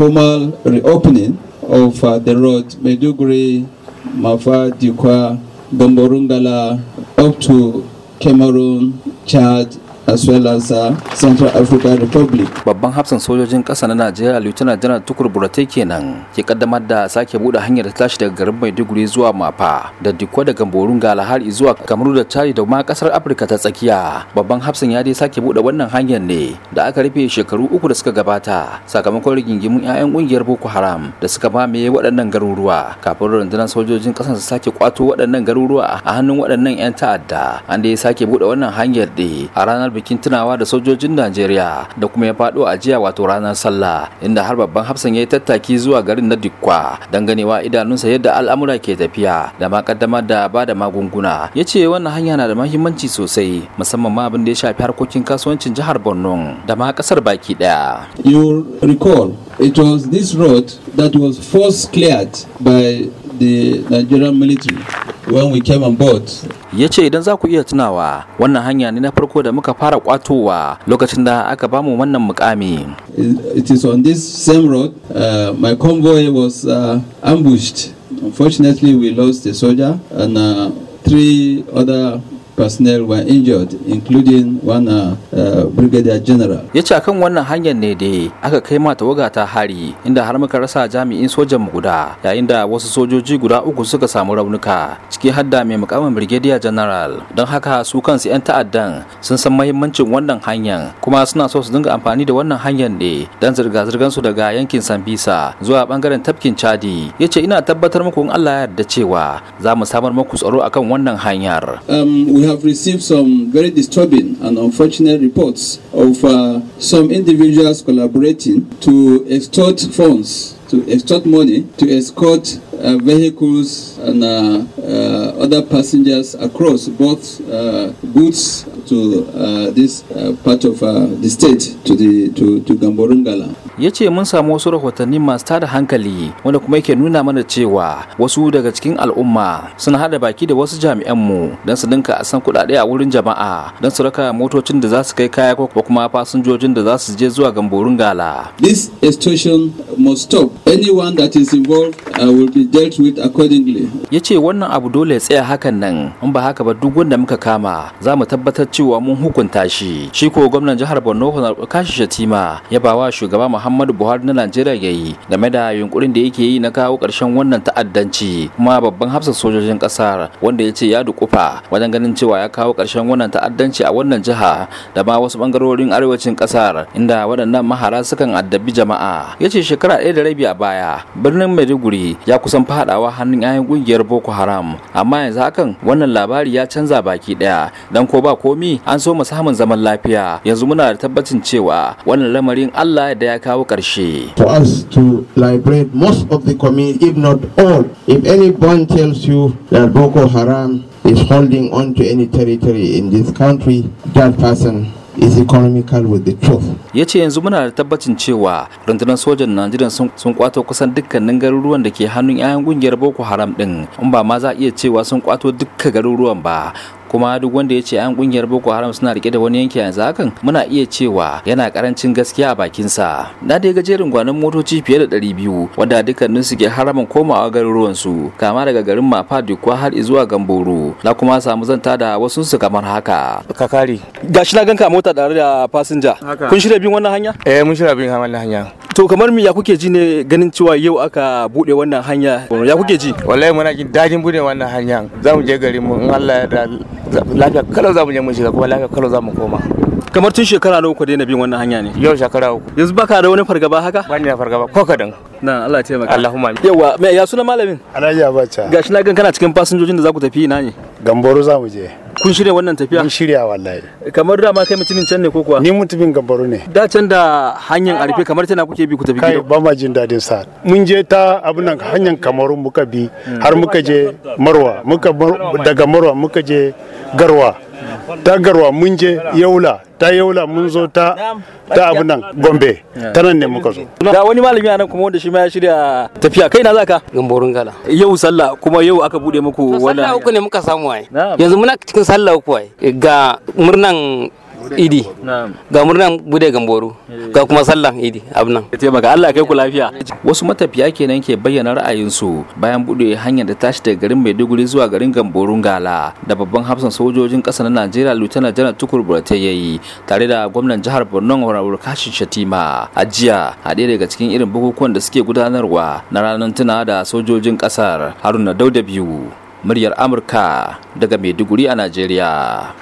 formal reopening of uh, the road Meduguri, Mafa, Dukwa, Bomborungala up to Cameroon, Chad, as well as uh, Central African Republic. Babban hafsan sojojin ƙasa na Najeriya Lieutenant General Tukur Burate kenan ke kaddamar da sake bude hanyar da tashi daga garin Maiduguri zuwa Mafa da Dikko daga borun gala har zuwa Kamaru da Chari da ma ƙasar Afirka ta tsakiya. Babban hafsan ya dai sake bude wannan hanyar ne da aka rufe shekaru uku da suka gabata sakamakon rigingimun 'ya'yan ƙungiyar Boko Haram da suka mamaye waɗannan garuruwa kafin rundunar sojojin ƙasar su sake kwato waɗannan garuruwa a hannun waɗannan 'yan ta'adda. An dai sake bude wannan hanyar ne a ranar bikin tunawa da sojojin Najeriya da kuma ya faɗo a jiya wato ranar sallah inda har babban hafsan ya yi tattaki zuwa garin na Dikwa don ganewa idanunsa yadda al'amura ke tafiya da ma kaddamar da ba da magunguna ya ce wannan hanya na da mahimmanci sosai musamman ma abin da ya shafi harkokin kasuwancin jihar Borno da ma kasar baki daya. You recall it was this road that was first cleared by the Nigerian military when we came on board ya ce idan za ku iya tunawa wannan hanya ne na farko da muka fara kwatowa lokacin da aka bamu wannan mukami it is on this same road uh, my convoy was uh, ambushed unfortunately we lost a soldier and uh, three other personnel were injured including one uh, uh, brigadier general ya ce akan wannan hanyar ne da aka kai ma tawaga ta hari inda har muka rasa jami'in sojan guda yayin da wasu sojoji guda uku suka samu raunuka ciki har da mai mukamin brigadier general don haka su kansu 'yan ta'addan sun san mahimmancin wannan hanyar kuma suna so su dinga amfani da wannan hanyar ne don zirga-zirgar su daga yankin sambisa zuwa bangaren tafkin chadi ya ce ina tabbatar muku in allah ya yarda cewa za mu samar muku tsaro akan wannan hanyar um, we have received some very disturbing and unfortunate reports of uh, some individuals collaborating to extort funds, to extort money, to escort uh, vehicles and uh, uh other passengers across both uh, goods to uh, this uh, part of uh, the state to the to, to Gamborungala. Ya mun samu wasu rahotanni masu tada hankali wanda kuma yake nuna mana cewa wasu daga cikin al'umma suna hada baki da wasu jami'anmu don su dinka a san kuɗaɗe a wurin jama'a don su raka motocin da za su kai kaya ko kuma fasinjojin da za su je zuwa Gamborungala. This extortion must stop. Anyone that is involved uh, will be dealt with accordingly. yace wannan abu dole ya tsaya hakan nan in ba haka ba duk wanda muka kama za mu tabbatar cewa mun hukunta shi shi ko gwamnan jihar borno honar kashi shatima ya bawa shugaba muhammadu buhari na najeriya ya yi game da yunkurin da yake yi na kawo ƙarshen wannan ta'addanci kuma babban hafsan sojojin ƙasar wanda ya ce ya dukufa wajen ganin cewa ya kawo ƙarshen wannan ta'addanci a wannan jiha da ma wasu bangarorin arewacin ƙasar inda waɗannan mahara sukan addabi jama'a ya ce shekara ɗaya da rabi a baya birnin maiduguri ya kusan faɗawa hannun 'ya'yan ƙungiyar boko haram amma yanzu hakan wannan labari ya canza baki ɗaya dan ko ba komi an so mu samun zaman lafiya yanzu muna da tabbacin cewa wannan lamarin Allah da ya kawo karshe For us to liberate most of the community if not all if anyone tells you that Boko Haram is holding on to any territory in this country that person is economical with the truth. Ya ce yanzu muna da tabbacin cewa rundunar sojan Najeriya sun kwato kusan dukkanin garuruwan da ke hannun 'ya'yan kungiyar Boko Haram din, in ba ma za a iya cewa sun kwato dukkan garuruwan ba, kuma duk wanda ya ce an kungiyar boko haram suna rike da wani yanki yanzu hakan muna iya cewa yana karancin gaskiya a bakinsa na dai gajerin gwanin motoci fiye da 200 wanda dukkanin su ke haramin komawa garuruwan su kama daga garin mafa dukwa har zuwa gamboro na kuma samu zanta da wasu su kamar haka kakari gashi na ganka mota tare da fasinja kun shirya bin wannan hanya eh mun shirya bin wannan hanya to kamar mi ya kuke ji ne ganin cewa yau aka bude wannan hanya ya kuke ji wallahi muna jin dajin bude wannan hanya za mu je garin mu in Allah ya da lafiya kalau za mu je mu shiga kuma lafiya kalau za mu koma kamar tun shekara nawa ku daina bin wannan hanya ne yau shekara uku yanzu baka da wani fargaba haka bani da fargaba ko kadan na Allah ya taimaka Allahumma yawa me ya suna malamin Alhaji Abacha gashi na gan kana cikin fasinjojin da za ku tafi ina ne Gambaro za mu je. Kun shirya wannan tafiya? Mun shirya wallahi. Kamar da ma kai mutumin can ne ko kuwa? Ni mutumin Gambaro ne. Da can da hanyar arfe kamar tana kuke bi ku tafi gida. Kai ba ma jin dadin sa. Mun je ta abun nan hanyar Kamaru muka bi har muka je Marwa, muka daga Marwa muka je Garwa. ta garwa mun je yaula ta yaula mun zo ta ta abu nan gombe ta nan ne muka zo da wani malami a nan kuma wanda shi ma ya shirya tafiya kai na zaka borin gala yau sallah kuma yau aka bude muku wannan sallah uku ne muka samu wai yanzu muna cikin sallah uku wai ga murnan idi ga murnan bude gamboru eh. ga kuma sallan idi abnan taimaka Allah kai ku lafiya wasu matafiya kenan ke bayyana ra'ayinsu bayan bude hanyar da tashi daga garin Maiduguri zuwa garin Gamborun Gala da babban hafsan sojojin ƙasa na Najeriya Lieutenant janar Tukur Burate yayi tare da gwamnan jihar Borno Honorable Kashin Shatima a jiya a ɗaya daga cikin irin bukukuwan da suke gudanarwa na ranar tuna da sojojin ƙasar Haruna Dauda biyu muryar Amurka daga Maiduguri a Najeriya